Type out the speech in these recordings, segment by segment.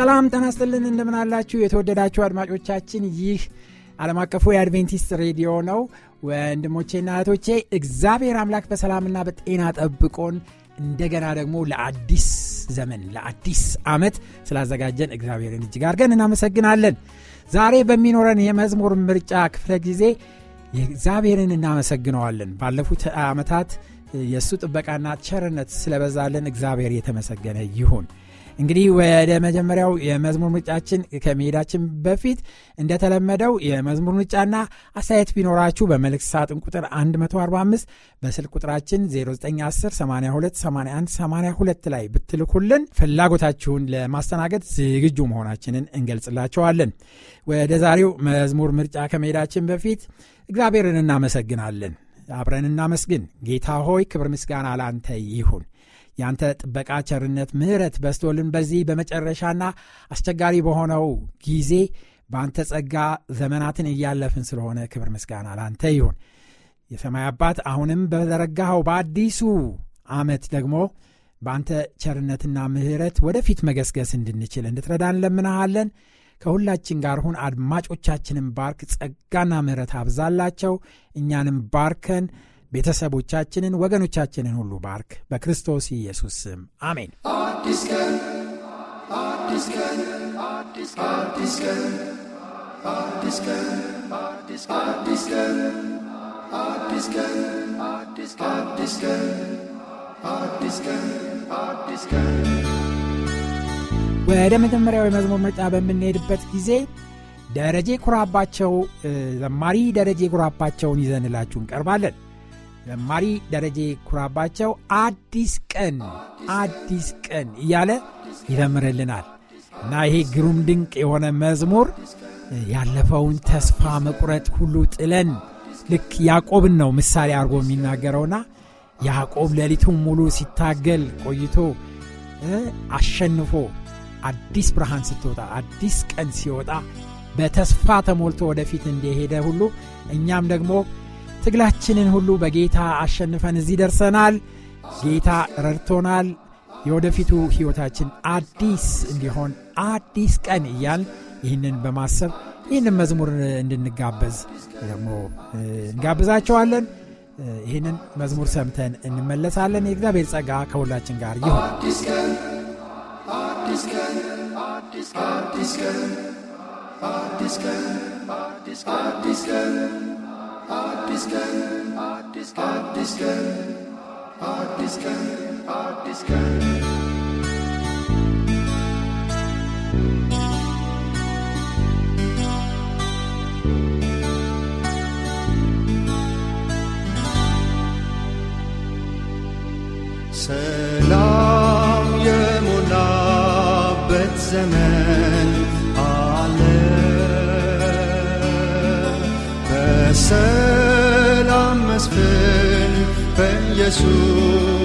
ሰላም ጠናስጥልን እንደምናላችሁ የተወደዳችሁ አድማጮቻችን ይህ ዓለም አቀፉ የአድቬንቲስት ሬዲዮ ነው ወንድሞቼና እህቶቼ እግዚአብሔር አምላክ በሰላምና በጤና ጠብቆን እንደገና ደግሞ ለአዲስ ዘመን ለአዲስ ዓመት ስላዘጋጀን እግዚአብሔርን እጅግ አድርገን እናመሰግናለን ዛሬ በሚኖረን የመዝሙር ምርጫ ክፍለ ጊዜ እግዚአብሔርን እናመሰግነዋለን ባለፉት ዓመታት የእሱ ጥበቃና ቸርነት ስለበዛልን እግዚአብሔር የተመሰገነ ይሁን እንግዲህ ወደ መጀመሪያው የመዝሙር ምርጫችን ከመሄዳችን በፊት እንደተለመደው የመዝሙር ምርጫና አስተያየት ቢኖራችሁ በመልእክት ሳጥን ቁጥር 145 በስልክ ቁጥራችን 0910828182 ላይ ብትልኩልን ፍላጎታችሁን ለማስተናገድ ዝግጁ መሆናችንን እንገልጽላቸዋለን። ወደ ዛሬው መዝሙር ምርጫ ከመሄዳችን በፊት እግዚአብሔርን እናመሰግናለን። አብረን እናመስግን። ጌታ ሆይ ክብር ምስጋና ላንተ ይሁን። ያንተ ጥበቃ፣ ቸርነት፣ ምሕረት በስቶልን በዚህ በመጨረሻና አስቸጋሪ በሆነው ጊዜ በአንተ ጸጋ ዘመናትን እያለፍን ስለሆነ ክብር ምስጋና ለአንተ ይሁን። የሰማይ አባት አሁንም በዘረጋኸው በአዲሱ ዓመት ደግሞ በአንተ ቸርነትና ምሕረት ወደፊት መገስገስ እንድንችል እንድትረዳ እንለምናሃለን። ከሁላችን ጋር ሁን። አድማጮቻችንን ባርክ፣ ጸጋና ምሕረት አብዛላቸው። እኛንም ባርከን ቤተሰቦቻችንን፣ ወገኖቻችንን ሁሉ ባርክ። በክርስቶስ ኢየሱስ ስም አሜን። አዲስ ቀን አዲስ ቀን አዲስ ቀን አዲስ ቀን አዲስ ቀን አዲስ ቀን አዲስ ቀን አዲስ ቀን አዲስ ቀን ወደ መጀመሪያው የመዝሙር ምርጫ በምንሄድበት ጊዜ ደረጀ ኩራባቸው ዘማሪ ደረጀ ኩራባቸውን ይዘንላችሁ እንቀርባለን። ዘማሪ ደረጀ ኩራባቸው አዲስ ቀን አዲስ ቀን እያለ ይዘምርልናል እና ይሄ ግሩም ድንቅ የሆነ መዝሙር ያለፈውን ተስፋ መቁረጥ ሁሉ ጥለን ልክ ያዕቆብን ነው ምሳሌ አድርጎ የሚናገረውና ያዕቆብ ሌሊቱን ሙሉ ሲታገል ቆይቶ አሸንፎ አዲስ ብርሃን ስትወጣ አዲስ ቀን ሲወጣ በተስፋ ተሞልቶ ወደፊት እንደሄደ ሁሉ እኛም ደግሞ ትግላችንን ሁሉ በጌታ አሸንፈን እዚህ ደርሰናል። ጌታ ረድቶናል። የወደፊቱ ሕይወታችን አዲስ እንዲሆን አዲስ ቀን እያል ይህንን በማሰብ ይህንን መዝሙር እንድንጋበዝ ደግሞ እንጋብዛቸዋለን። ይህንን መዝሙር ሰምተን እንመለሳለን። የእግዚአብሔር ጸጋ ከሁላችን ጋር ይሁን። አዲስ ቀን አዲስ ቀን አዲስ ቀን አዲስ ቀን Art Discan, Art gone. Art is Art is Art Discan. Jesús.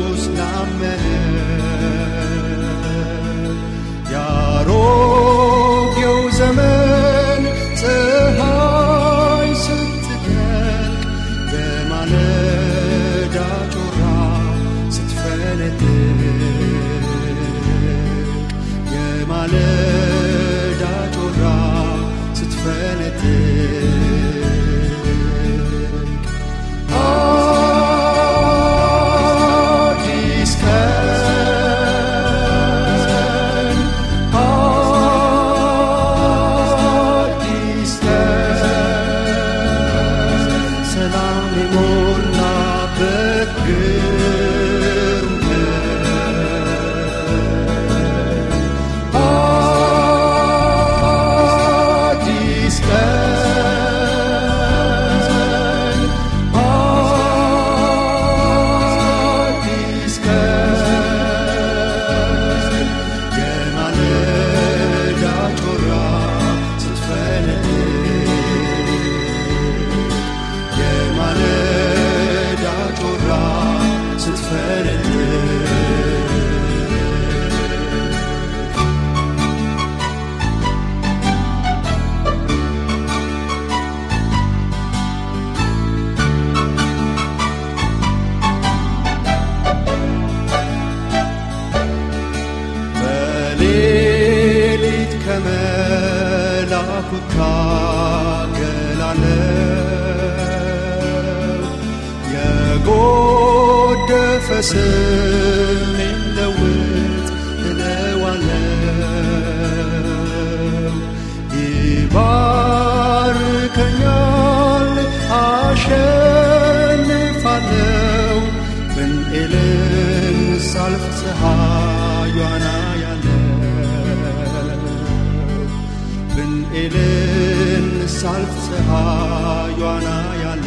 ኤልን ሳልፍፅኣ ዮና ያለ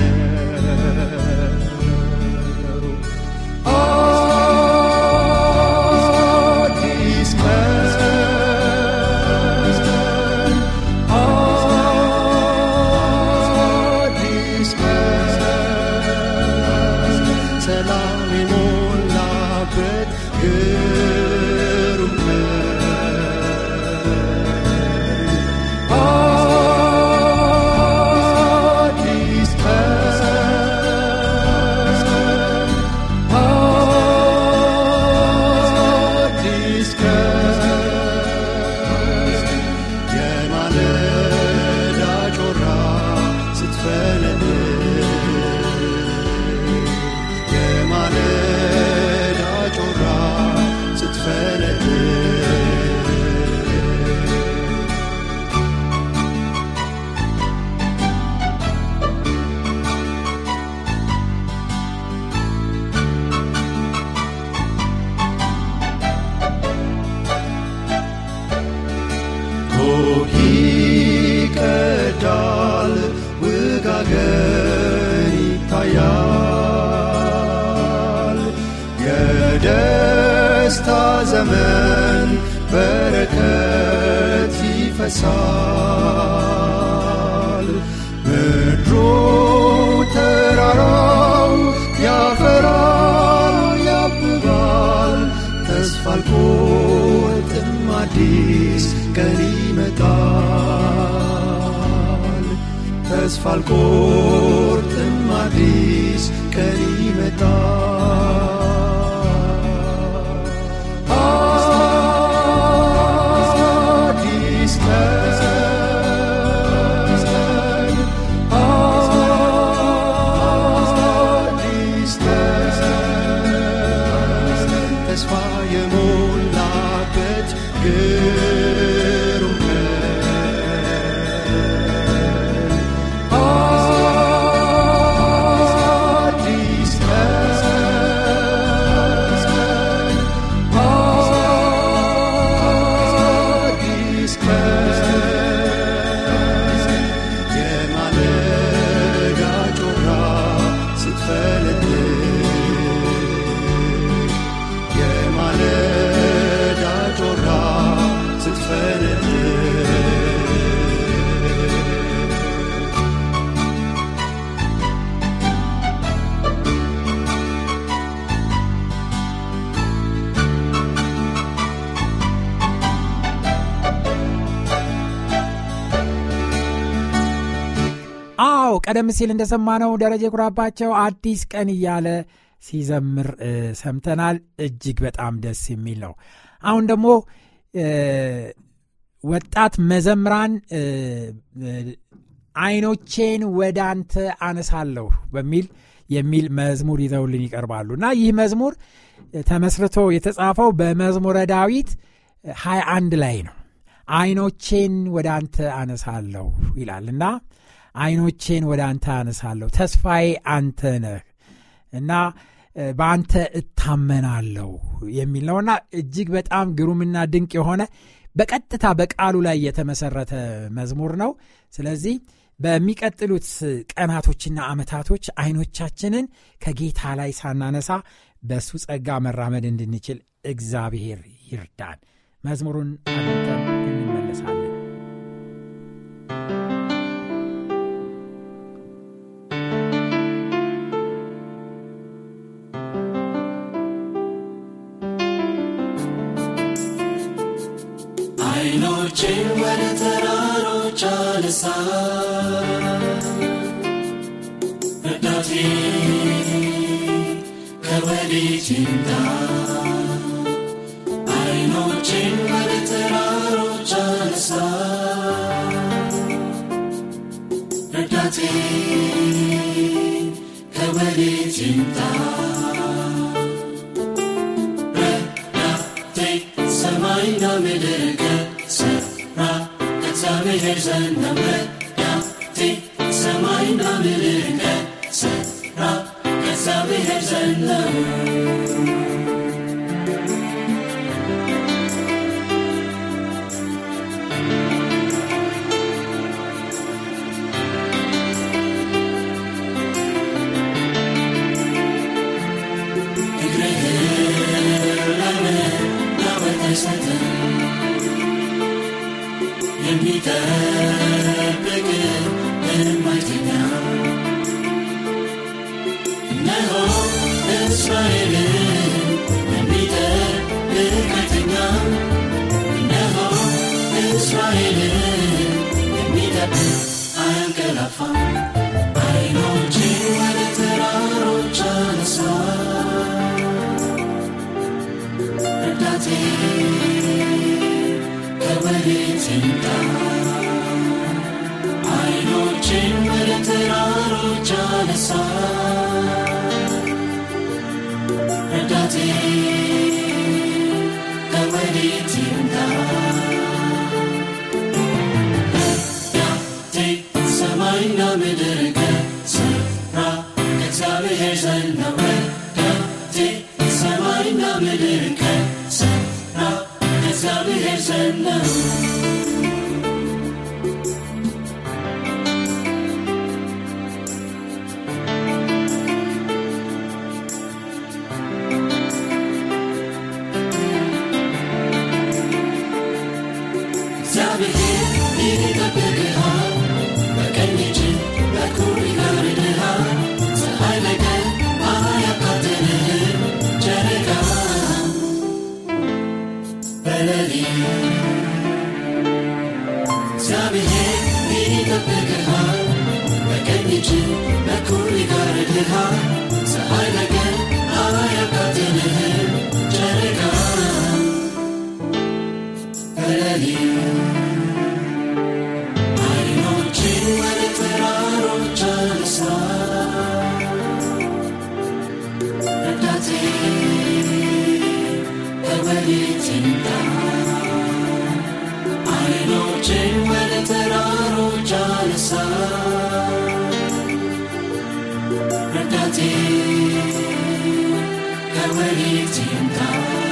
heart. ቀደም ሲል እንደሰማነው ደረጀ ኩራባቸው አዲስ ቀን እያለ ሲዘምር ሰምተናል። እጅግ በጣም ደስ የሚል ነው። አሁን ደግሞ ወጣት መዘምራን አይኖቼን ወደ አንተ አነሳለሁ በሚል የሚል መዝሙር ይዘውልን ይቀርባሉ እና ይህ መዝሙር ተመስርቶ የተጻፈው በመዝሙረ ዳዊት 21 ላይ ነው። አይኖቼን ወደ አንተ አነሳለሁ ይላል እና አይኖቼን ወደ አንተ አነሳለሁ ተስፋዬ አንተ ነህ እና በአንተ እታመናለሁ የሚል ነውና እጅግ በጣም ግሩምና ድንቅ የሆነ በቀጥታ በቃሉ ላይ የተመሰረተ መዝሙር ነው ስለዚህ በሚቀጥሉት ቀናቶችና አመታቶች አይኖቻችንን ከጌታ ላይ ሳናነሳ በእሱ ጸጋ መራመድ እንድንችል እግዚአብሔር ይርዳን መዝሙሩን አድምጠን እጆቼ ወደ ተራሮች አነሳ ረዳቴ ከወዴት ይምጣ አይኖቼን ወደ ተራሮች አነሳ ረዳቴ ከወዴት ይምጣ Reis en Hamlet. Kingdom.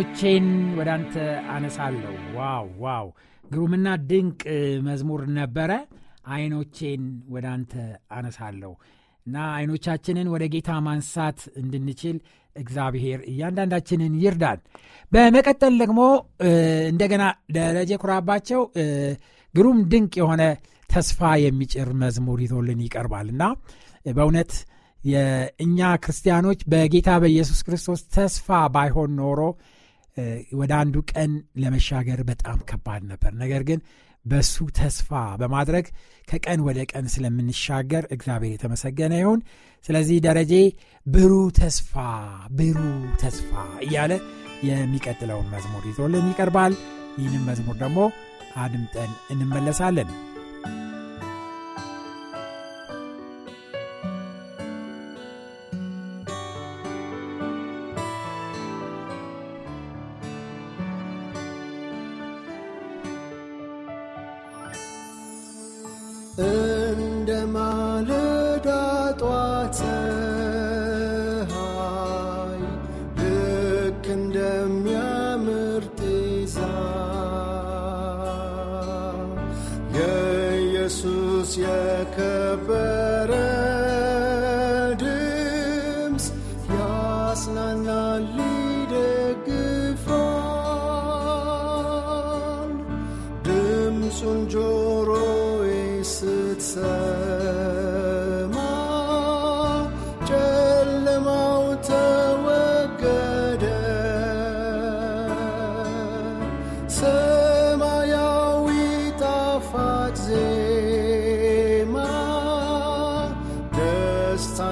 ዓይኖቼን ወደ አንተ አነሳለሁ። ዋው ዋው! ግሩምና ድንቅ መዝሙር ነበረ። አይኖቼን ወደ አንተ አነሳለሁ እና አይኖቻችንን ወደ ጌታ ማንሳት እንድንችል እግዚአብሔር እያንዳንዳችንን ይርዳል በመቀጠል ደግሞ እንደገና ደረጀ ኩራባቸው ግሩም ድንቅ የሆነ ተስፋ የሚጭር መዝሙር ይዞልን ይቀርባል እና በእውነት የእኛ ክርስቲያኖች በጌታ በኢየሱስ ክርስቶስ ተስፋ ባይሆን ኖሮ ወደ አንዱ ቀን ለመሻገር በጣም ከባድ ነበር። ነገር ግን በሱ ተስፋ በማድረግ ከቀን ወደ ቀን ስለምንሻገር እግዚአብሔር የተመሰገነ ይሁን። ስለዚህ ደረጀ ብሩህ ተስፋ ብሩህ ተስፋ እያለ የሚቀጥለውን መዝሙር ይዞልን ይቀርባል። ይህንም መዝሙር ደግሞ አድምጠን እንመለሳለን።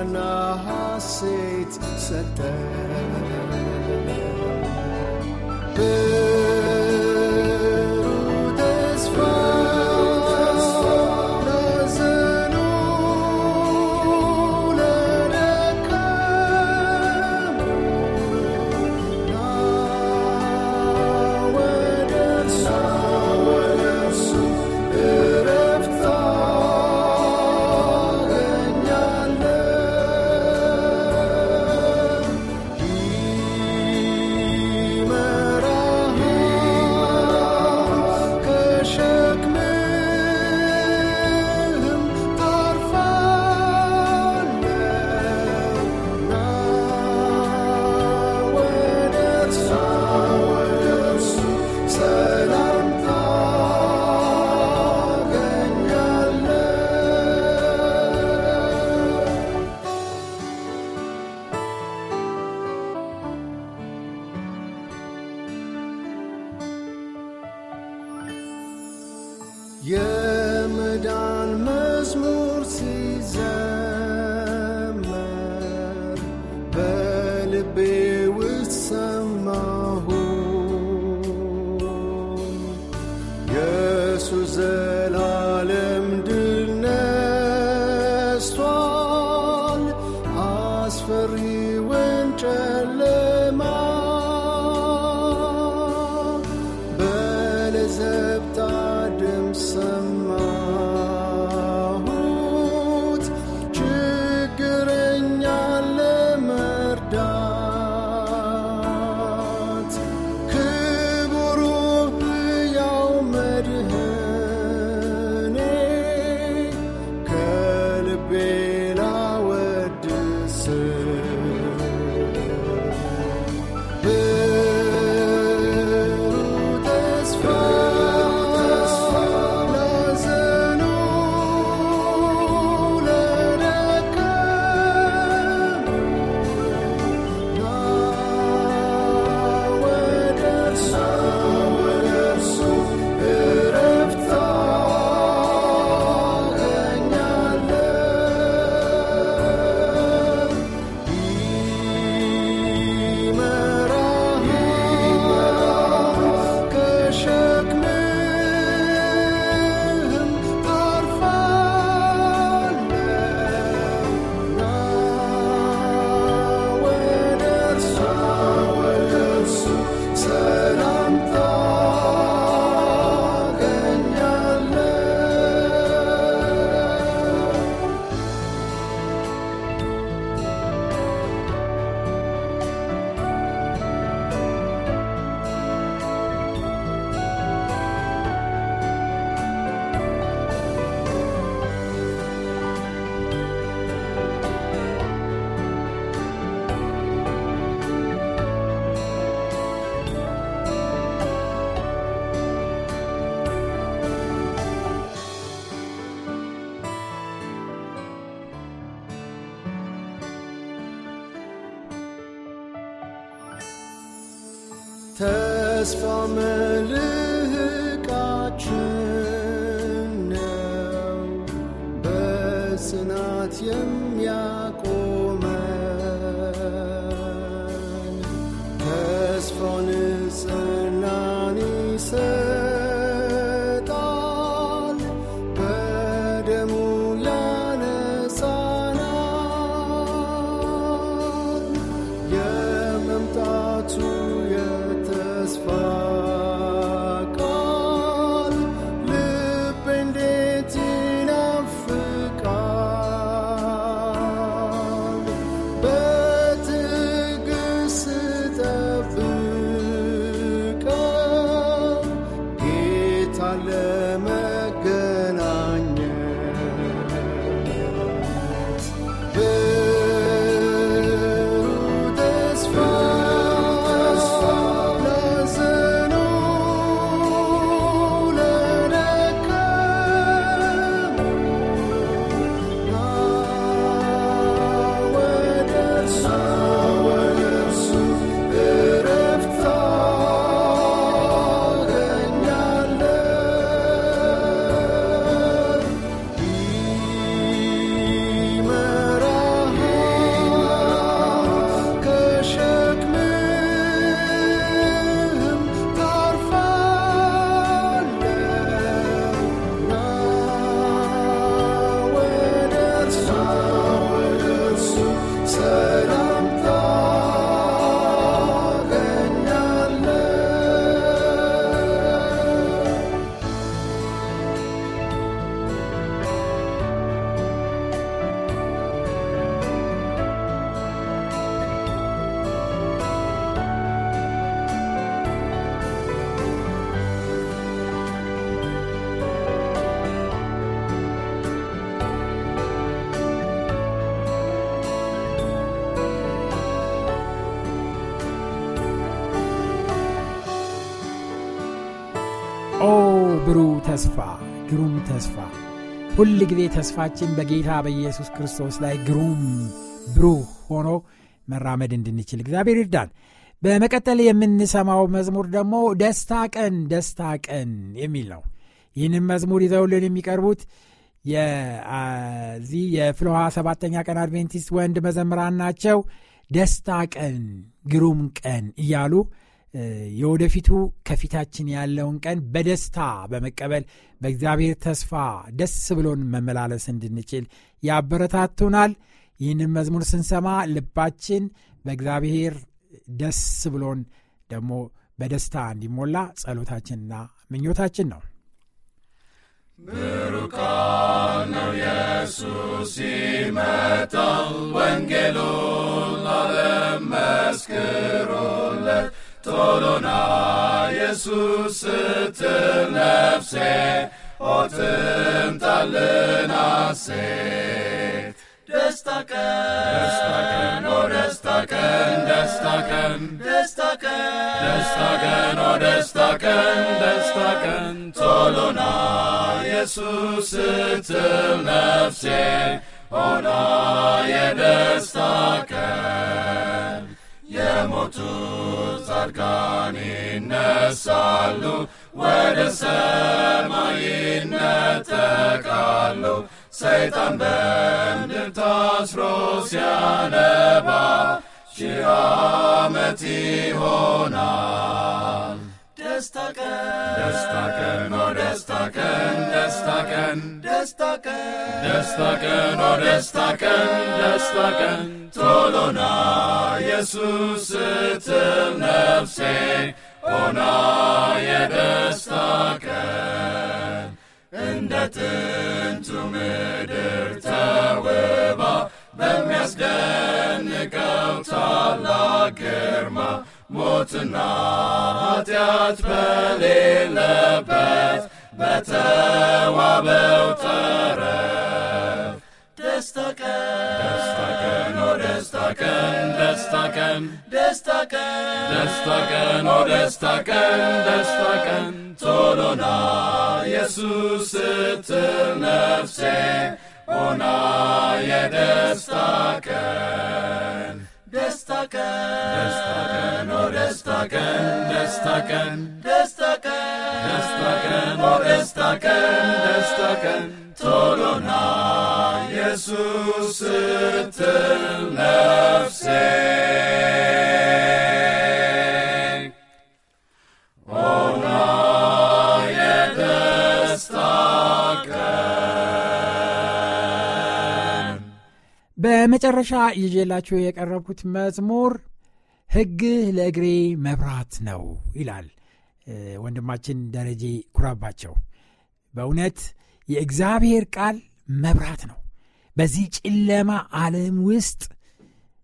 أنا حسيت ستان sun. ተስፋ መልህቃችን ነው በጽናት የሚያቆ Yeterli ተስፋ ግሩም ተስፋ ሁል ጊዜ ተስፋችን በጌታ በኢየሱስ ክርስቶስ ላይ ግሩም ብሩህ ሆኖ መራመድ እንድንችል እግዚአብሔር ይርዳን። በመቀጠል የምንሰማው መዝሙር ደግሞ ደስታ ቀን ደስታ ቀን የሚል ነው። ይህንም መዝሙር ይዘውልን የሚቀርቡት የዚህ የፍልውሃ ሰባተኛ ቀን አድቬንቲስት ወንድ መዘምራን ናቸው። ደስታ ቀን ግሩም ቀን እያሉ የወደፊቱ ከፊታችን ያለውን ቀን በደስታ በመቀበል በእግዚአብሔር ተስፋ ደስ ብሎን መመላለስ እንድንችል ያበረታቱናል። ይህንን መዝሙር ስንሰማ ልባችን በእግዚአብሔር ደስ ብሎን ደግሞ በደስታ እንዲሞላ ጸሎታችንና ምኞታችን ነው። ብሩካን ነው ኢየሱስ ሲመጣ ወንጌሉን ዓለም መስክሮለት ቶሎና ኢየሱስ ስትል ነፍሴ ኦትምጣልን አሴት ደስታ ቀን ኦ ደስታቀን ቀን ቶሎና ኢየሱስ ስትል ነፍሴ ሆና የደስታ ቀን ጻድቃን ይነሳሉ፣ ወደ ሰማይ ይነጠቃሉ። ሰይጣን በምድር ታስሮ ሲያነባ ሺህ ዓመት ይሆናል። Destaken, destaken, oh destaken, destaken, destaken, destaken, oh destaken, destaken. ቶሎና ኢየሱስ ስትል ነፍሴ ሆና የደስታ ቀን እንደ ጥንቱ ምድር ተውባ በሚያስደንቀው ታላቅ ሞትና ኃጢአት በሌለበት በተዋበው ተረፍ ደስታ ቀን ደስታ ቀን ኦ ደስታ ቀን ደስታ ቀን ደስታ ቀን ደስታ ቀን ደስታ ቀን ደስታ ቀን ቶሎና ኢየሱስ ስትል ነፍሴ ሆና የደስታ ቀን ደስታ ቀን ደስታ ቀን ደስታ ቀን ደስታ ቀን ደስታ ቀን ደስታ ቀን ደስታ ቀን በመጨረሻ ይዤላችሁ የቀረብኩት መዝሙር ሕግህ ለእግሬ መብራት ነው ይላል ወንድማችን ደረጄ ኩራባቸው። በእውነት የእግዚአብሔር ቃል መብራት ነው። በዚህ ጨለማ ዓለም ውስጥ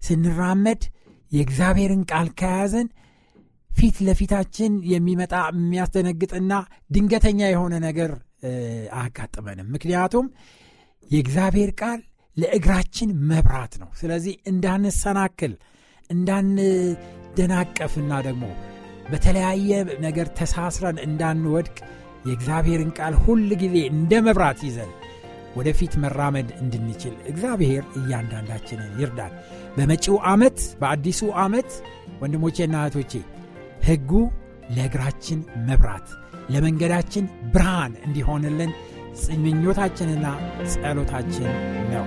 ስንራመድ የእግዚአብሔርን ቃል ከያዘን ፊት ለፊታችን የሚመጣ የሚያስደነግጥና ድንገተኛ የሆነ ነገር አያጋጥመንም። ምክንያቱም የእግዚአብሔር ቃል ለእግራችን መብራት ነው። ስለዚህ እንዳንሰናክል እንዳንደናቀፍና ደግሞ በተለያየ ነገር ተሳስረን እንዳንወድቅ የእግዚአብሔርን ቃል ሁል ጊዜ እንደ መብራት ይዘን ወደፊት መራመድ እንድንችል እግዚአብሔር እያንዳንዳችንን ይርዳል። በመጪው ዓመት በአዲሱ ዓመት ወንድሞቼና እህቶቼ ሕጉ ለእግራችን መብራት ለመንገዳችን ብርሃን እንዲሆንልን ምኞታችንና ጸሎታችን ነው።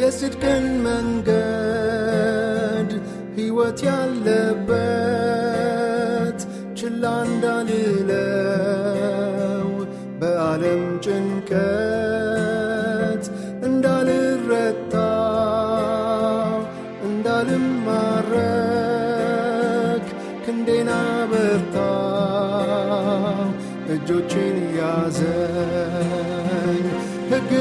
የጽድቅን መንገድ ሕይወት ያለበት ችላ እንዳልለው በዓለም ጭንቀት እንዳልረታ እንዳልማረክ ክንዴና በርታ እጆችን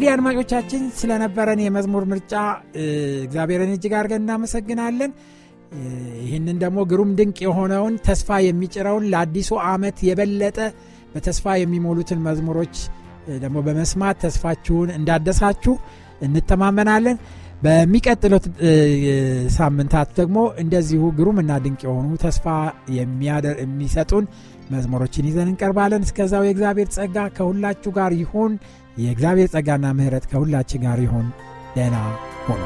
እንግዲህ አድማጮቻችን ስለነበረን የመዝሙር ምርጫ እግዚአብሔርን እጅግ አድርገን እናመሰግናለን። ይህንን ደግሞ ግሩም ድንቅ የሆነውን ተስፋ የሚጭረውን ለአዲሱ ዓመት የበለጠ በተስፋ የሚሞሉትን መዝሙሮች ደግሞ በመስማት ተስፋችሁን እንዳደሳችሁ እንተማመናለን። በሚቀጥሉት ሳምንታት ደግሞ እንደዚሁ ግሩም እና ድንቅ የሆኑ ተስፋ የሚሰጡን መዝሙሮችን ይዘን እንቀርባለን። እስከዛው የእግዚአብሔር ጸጋ ከሁላችሁ ጋር ይሁን። የእግዚአብሔር ጸጋና ምሕረት ከሁላችን ጋር ይሆን። ደህና ሆኖ